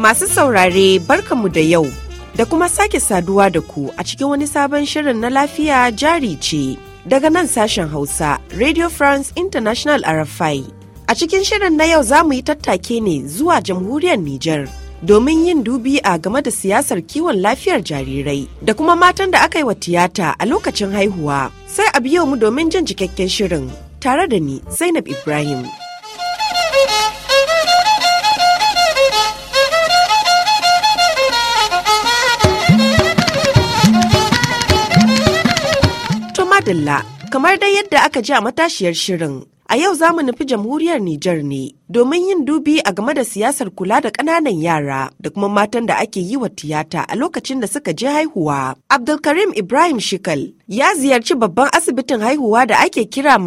Masu saurare barkamu da yau da kuma sake saduwa da ku a cikin wani sabon shirin na lafiya jari ce daga nan sashen Hausa Radio France International RFI. A cikin shirin na yau za mu yi tattake ne zuwa jamhuriyar Nijar. domin yin dubi a game da siyasar kiwon lafiyar jarirai da kuma matan da aka yi wa tiyata a lokacin haihuwa sai a biyo mu domin jin cikakken shirin tare da ni zainab ibrahim madalla kamar dai yadda aka ji a matashiyar shirin a yau za mu nufi jamhuriyar Nijar ne domin yin dubi a game da siyasar kula da ƙananan yara da kuma matan da ake yi wa tiyata a lokacin da suka je haihuwa. Abdulkarim Ibrahim Shikal ya ziyarci babban asibitin haihuwa da ake kira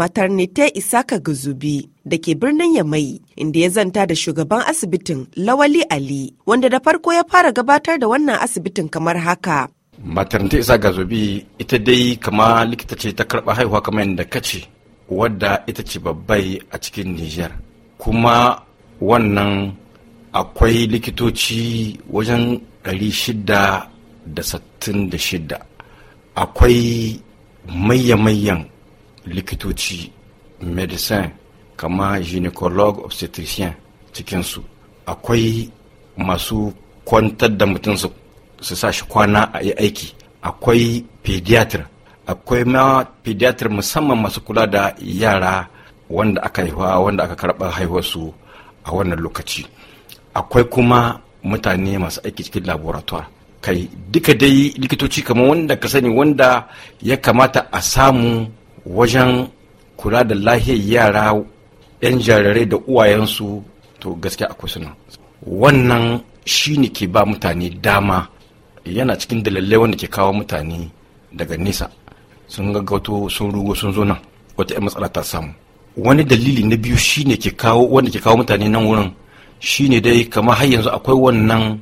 ta Isaka Guzubi da ke birnin Yamai inda ya zanta da shugaban asibitin Lawali Ali wanda da farko ya fara gabatar da wannan asibitin kamar haka. maternity isa gazobi ita dai kama likita ce ta karɓa haihuwa kamar yadda ka ce wadda ita ce babbai a cikin nijar kuma wannan akwai likitoci wajen shida da da shida akwai mayya-mayyan likitoci medicine kama gynecologue obstetricien cikinsu akwai masu kwantar da mutum su su sa shi kwana a yi aiki akwai pediatr akwai ma pediatr musamman masu kula da yara wanda aka haihuwa wanda aka karɓa haihuwarsu a wannan lokaci akwai kuma mutane masu aiki cikin laboratoire kai duka dai likitoci kamar wanda ka sani wanda ya kamata a samu wajen kula da lahiyar yara 'yan jarirai da uwayensu to gaskiya akwai suna wannan shi ke ba mutane dama yana cikin dalilai wanda ke kawo mutane daga nesa sun gaggauto sun rugo sun zo nan wata 'yan matsala ta samu wani dalili na biyu shine ke kawo wanda ke kawo mutane nan wurin shine dai kamar har yanzu akwai wannan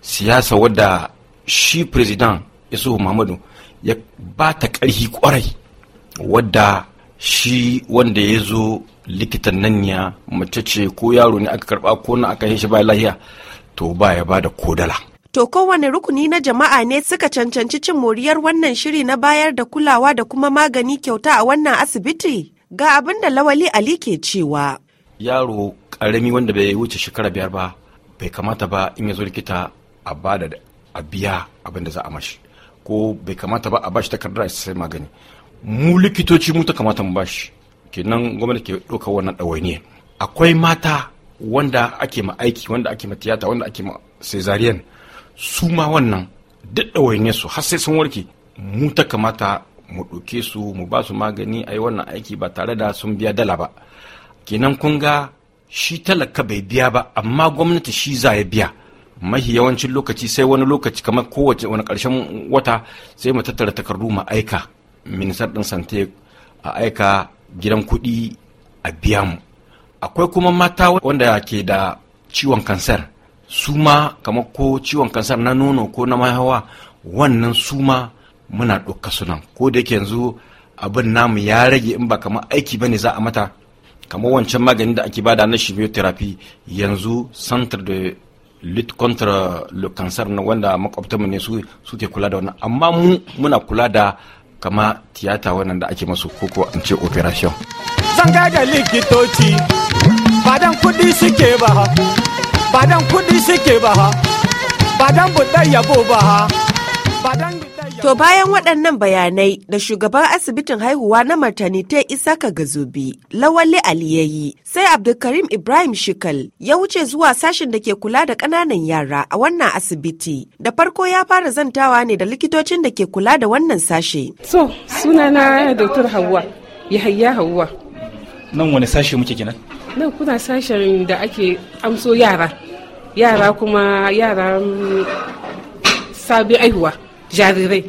siyasa wadda shi president isuhu muhammadu ya ba ta ƙarfi kwarai wadda shi wanda ya zo likitan nan ya mace ce ko yaro ne aka karba ko na aka yi shi ba lahiya to ba ya ba da kodala To kowane rukuni na jama'a ne suka cancanci cin moriyar wannan shiri na bayar da kulawa da kuma magani kyauta a wannan asibiti? Ga abin da Lawali Ali ke cewa. Yaro ƙarami wanda bai wuce shekara biyar ba, bai kamata ba in yazo likita a ba da a biya abin da za a mashi. Ko bai kamata ba a bashi takardar sai magani. Mu likitoci mu ta kamata mu bashi. Kenan gwamnati ke ɗaukar wannan ɗawainiyar. Akwai mata wanda ake ma aiki wanda ake ma tiyata wanda ake ma cesarean su ma wannan duk wayne su har sai sun warke mu ta kamata mu ɗauke su mu ba su magani a yi wannan aiki ba tare da sun biya dala ba kenan kun ga shi talaka bai biya ba amma gwamnati shi za ya biya mahi yawancin lokaci sai wani lokaci kamar kowace wani ƙarshen wata sai mu tattara takardu mu aika minisar ɗin sante a aika gidan kuɗi a biya mu akwai kuma mata wanda ke da ciwon kansar su ma kamar ko ciwon kansar na nono ko na mahawa wannan su ma muna ɗauka sunan ko da yake yanzu abin namu ya rage in ba kamar aiki ba ne za a mata kamar wancan magani da ake bada na chemotherapy yanzu centre de lutte contre le cancer na wanda makwabtanmu ne su suke kula da wannan amma mu muna kula da kama tiyata wannan da ake masu koko an ce operation zan ga da likitoci ba dan kudi suke ba ba dan kudi suke ba ha ba dan budar yabo ba ha To bayan waɗannan bayanai da shugaban asibitin haihuwa na Martani ta Isaka Gazubi, Lawali Aliyayi, sai Abdulkarim Ibrahim Shikal ya wuce zuwa sashen da ke kula da ƙananan yara a wannan asibiti. Da farko ya fara zantawa ne da likitocin da ke kula da wannan sashe. So, sunana Dr. Hawwa, hayya Hawwa. Nan wani sashe muke kenan? nan kuna sashen da ake amso yara yara kuma yara mm, sabi aihuwa jarirai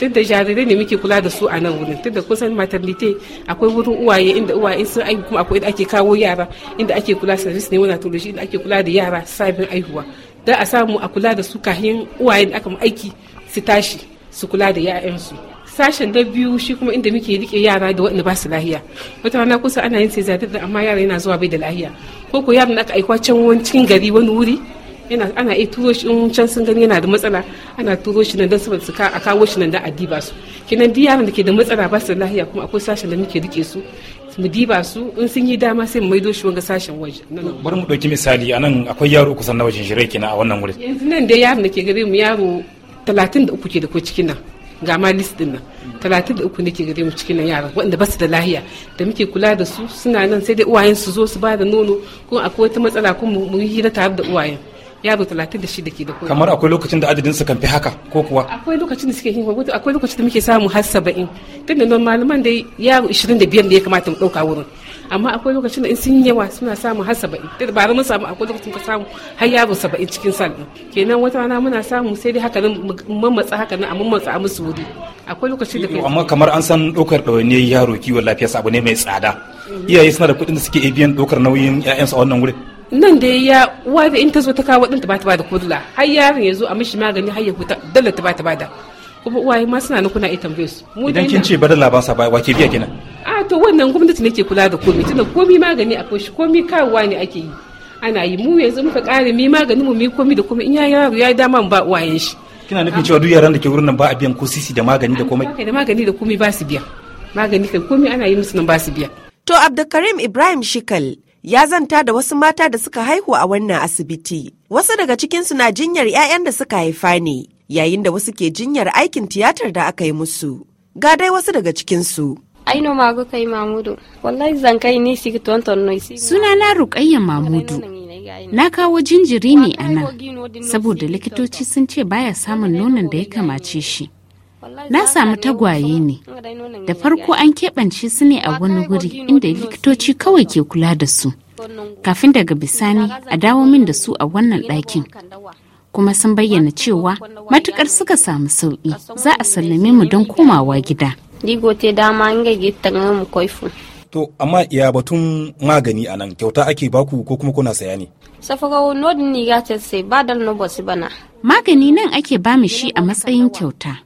duk da jarirai ne muke kula da su a nan wurin duk da kusan maternity akwai wurin uwaye inda uwaye sun aihu kuma akwai inda ake kawo yara inda ake kula service ne wani toloshi inda ake kula da yara sabin aihuwa da a samu a kula da su kahin uwayen da aka aiki su tashi su kula da 'ya'yansu sashen da biyu shi kuma inda muke rike yara da waɗanda ba su lahiya wata rana kusa ana yin sai da amma yara yana zuwa bai da lahiya ko ko yaran da aka aikwa can wani cikin gari wani wuri yana ana iya turo shi in can sun gani yana da matsala ana turo shi nan don saboda su ka a kawo shi nan da a su kinan di yaran da ke da matsala ba su da lahiya kuma akwai sashen da muke rike su mu diba su in sun yi dama sai mu maido shi wanga sashen waje bari mu ɗauki misali anan akwai yaro kusan na wajen shirai kina a wannan wuri yanzu nan da yaran da ke gare mu yaro talatin da uku ke da ko cikin nan ga ma list din nan talatin da uku nake gare mu cikin nan yaran waɗanda ba su da lahiya da muke kula da su suna nan sai dai uwayen su zo su ba da nono ko akwai wata matsala ko mu yi hira tare da uwayen yaro talatin da shida ke da kuma kamar akwai lokacin da adadin su kan fi haka ko kuwa akwai lokacin da suke yin gwagwata akwai lokacin da muke samu har saba'in tunda da malaman dai yaro ishirin da biyar da ya kamata mu ɗauka wurin amma akwai lokacin da in sun yawa suna samun har saba'in da ba mun samu akwai lokacin ka samu har yaro saba'in cikin sal kenan wata rana muna samu sai dai haka nan matsa haka nan a matsa a musu wuri akwai lokacin da amma kamar an san ɗaukar ɗawainiyar yaro kiwon lafiya abu ne mai tsada iyaye suna da kuɗin da suke biyan ɗaukar nauyin 'ya'yansu a wannan wurin nan da ya uwa da in ta zo ta kawo ɗin ta ba ta da kudula har yaron ya zo a mishi magani har ya fita dalla ta ba ta da kuma uwaye ma suna na kuna iya tambaye su idan kin ce badala ba sa ba wa ke biya kenan to wannan gwamnati ne ke kula da komai tunda komai magani akwai shi komai kawowa ne ake yi ana yi mu yanzu muka ƙare mi maganin mu mi komai da komai in ya yaro ya dama ba uwayen shi kina nufin cewa duk yaran da ke wurin nan ba a biyan ko sisi da magani da komai da magani da komai ba su biya magani kai komai ana yi musu nan ba su biya to Abdulkarim Ibrahim Shikal ya zanta da wasu mata da suka haihu a wannan asibiti. Wasu daga cikinsu na jinyar 'ya'yan da suka haifa ne, yayin da wasu ke jinyar aikin tiyatar da aka yi musu. Ga dai wasu daga cikinsu. aino mago kai mamudu wallahi zan kai ni sigi tonton suna na ruqayya mamudu na kawo jinjiri ne a saboda likitoci sun ce baya samun nonon da ya kamace shi na samu tagwaye ne da farko an keɓance su ne a wani guri inda likitoci kawai ke kula da su kafin daga bisani a dawo min da su a wannan ɗakin kuma sun bayyana cewa matukar suka samu sauƙi za a sallame mu don komawa gida digo te dama nga gittanga mu koifu to amma iya batun magani a nan kyauta ake baku ko kuma kuna saya ne safagawo nodin ni ce sai ba dan no bosi bana magani nan ake ba mu shi a matsayin kyauta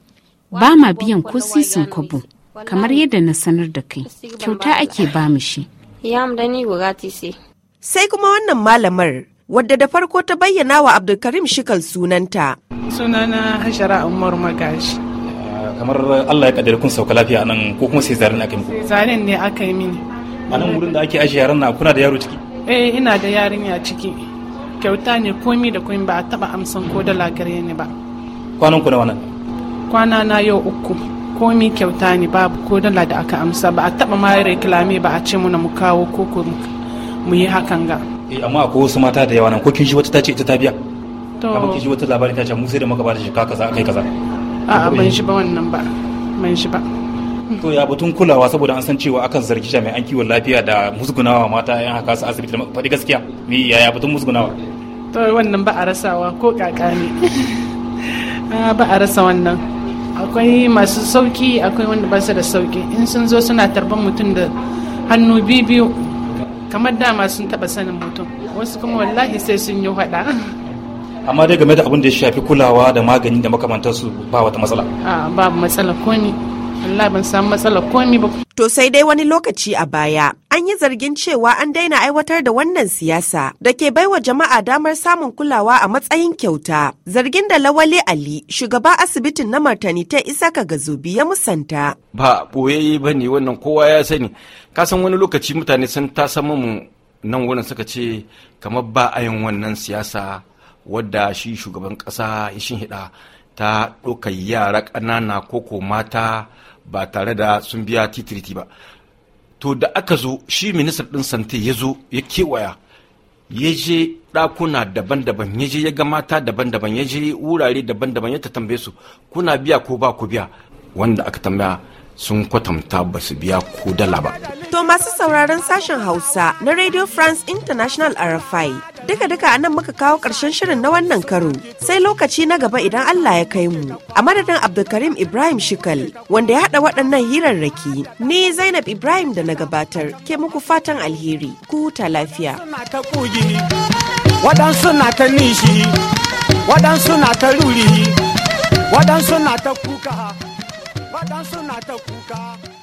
ba ma biyan ko sisin kwabo kamar yadda na sanar da kai kyauta ake ba mu shi yam da ni gurati sai sai kuma wannan malamar wadda da farko ta bayyana wa abdulkarim shikal sunanta sunana hashara umar magashi kamar Allah ya kaddara kun sauka lafiya nan ko kuma sai zarin aka yi muku zaren ne aka yi mini a nan wurin da ake ajiye yaran na kuna da yaro ciki eh ina da ya ciki kyauta ne komi da komi ba a taba amsan ko dala gare ni ba kwanan ku da wannan kwana na yau uku komi kyauta ne babu ko dala da aka amsa ba a taba ma reklame ba a ce muna mu kawo ko mu yi hakan ga eh amma akwai wasu mata da yawa nan ko kin shi wata ta ce ita ta biya to kamar kin shi wata labarin ta ce mu sai da muka ba da shi kaza kai kaza a'a ban shi ba wannan ba ban shi ba to ya batun kulawa saboda an san cewa akan zargi jami'an kiwon lafiya da musgunawa mata yan haka su asibiti faɗi gaskiya ni yaya batun musgunawa to wannan ba a rasawa ko kaka ne ah, ba a rasa wannan akwai masu sauki akwai wanda ba su da sauki in sun zo suna tarban mutum da hannu biyu kamar dama sun taba sanin mutum wasu kuma wallahi sai sun yi hada amma dai game da abin da ya shafi kulawa da magani da makamantarsu ba wata matsala a matsala ko ni Allah ban samu matsala ko ni ba to sai dai wani lokaci a baya an yi zargin cewa an daina aiwatar da wannan siyasa da ke baiwa jama'a damar samun kulawa a matsayin kyauta zargin da lawale ali shugaba asibitin na martani ta isaka gazubi ya musanta ba boyayye ba ne wannan kowa ya sani kasan wani lokaci mutane sun ta mu nan wurin suka ce kamar ba a wannan siyasa wadda shi shugaban ƙasa ya shinhiɗa ta ɗaukar yara ƙanana ko mata ba tare da sun biya titiriti ba to da aka zo shi ministan ɗin sante ya zo ya kewaya ya je ɗakuna daban-daban ya je ya ga mata daban-daban ya je wurare daban-daban ya ta tambaye su kuna biya ko ba ku biya wanda aka tambaya sun kwatanta ba su biya ko dala ba. To masu sauraron sashen Hausa na Radio France International RFI Duka-duka a nan muka kawo ƙarshen shirin na wannan karo sai lokaci na gaba idan Allah ya kai mu. A madadin Abdulkarim Ibrahim Shikal wanda ya haɗa waɗannan hirarraki ni Zainab Ibrahim da na gabatar ke muku fatan alheri ku ta lafiya. Waɗansu na ta nishi, waɗansu na ta ruri, waɗansu na ta kuka, waɗansu na ta kuka.